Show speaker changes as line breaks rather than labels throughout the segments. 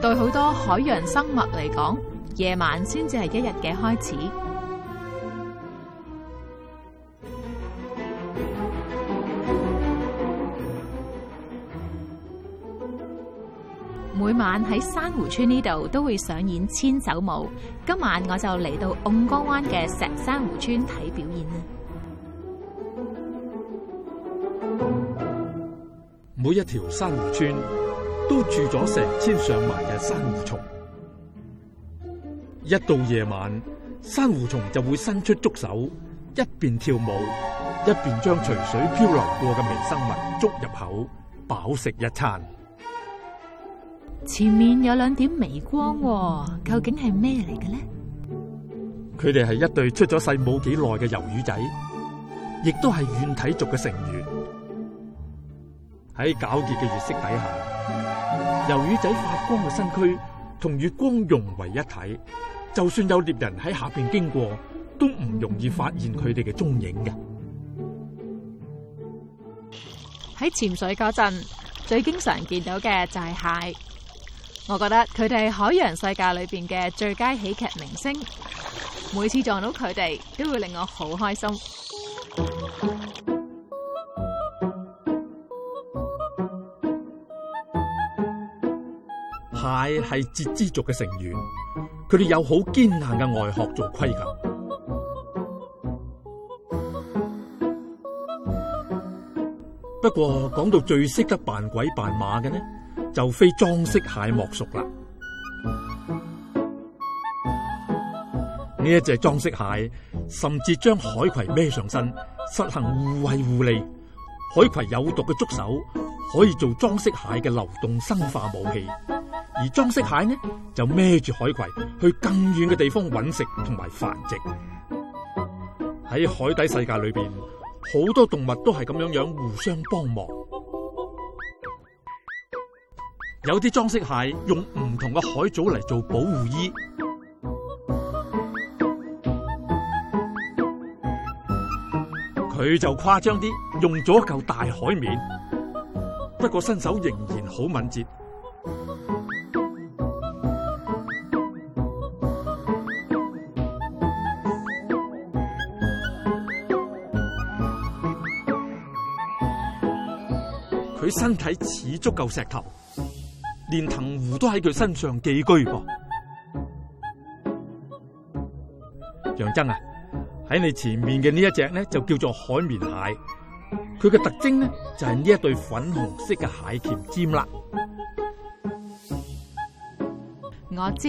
對好多海洋生物嚟講，夜晚先至係一日嘅開始。每晚喺珊瑚村呢度都會上演千手舞，今晚我就嚟到甕缸灣嘅石珊瑚村睇表演啦。
每一條珊瑚村。都住咗成千上萬嘅珊瑚蟲，一到夜晚，珊瑚蟲就會伸出觸手，一邊跳舞，一邊將隨水漂流過嘅微生物捉入口，飽食一餐。
前面有兩點微光，究竟係咩嚟嘅呢？
佢哋係一對出咗世冇幾耐嘅魷魚仔，亦都係軟體族嘅成員。喺皎潔嘅月色底下，魷魚仔發光嘅身軀同月光融為一體，就算有獵人喺下邊經過，都唔容易發現佢哋嘅蹤影嘅。
喺潛水嗰陣最經常見到嘅就係蟹，我覺得佢哋係海洋世界裏邊嘅最佳喜劇明星，每次撞到佢哋都會令我好開心。
蟹係節肢族嘅成員，佢哋有好堅硬嘅外殼做盔甲。不過講到最識得扮鬼扮馬嘅呢，就非裝飾蟹莫屬啦。呢一隻裝飾蟹甚至將海葵孭上身，實行互惠互利。海葵有毒嘅觸手可以做裝飾蟹嘅流動生化武器。而裝飾蟹呢，就孭住海葵去更遠嘅地方搵食同埋繁殖。喺海底世界裏邊，好多動物都係咁樣樣互相幫忙。有啲裝飾蟹用唔同嘅海藻嚟做保護衣，佢就誇張啲，用咗嚿大海綿，不過身手仍然好敏捷。佢身體似足嚿石頭，連藤壺都喺佢身上寄居噃。楊增啊，喺你前面嘅呢一隻呢就叫做海綿蟹，佢嘅特徵呢就係呢一對粉紅色嘅蟹鉗尖啦。
我知，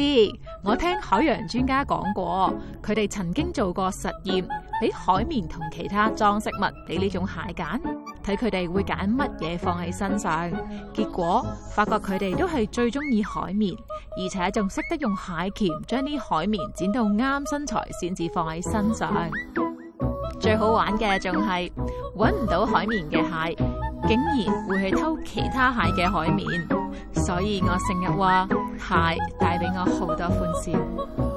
我聽海洋專家講過，佢哋曾經做過實驗，俾海綿同其他裝飾物俾呢種蟹揀。睇佢哋會揀乜嘢放喺身上，結果發覺佢哋都係最中意海綿，而且仲識得用蟹鉗將啲海綿剪到啱身材先至放喺身上。最好玩嘅仲係揾唔到海綿嘅蟹，竟然會去偷其他蟹嘅海綿，所以我成日話蟹帶俾我好多歡笑。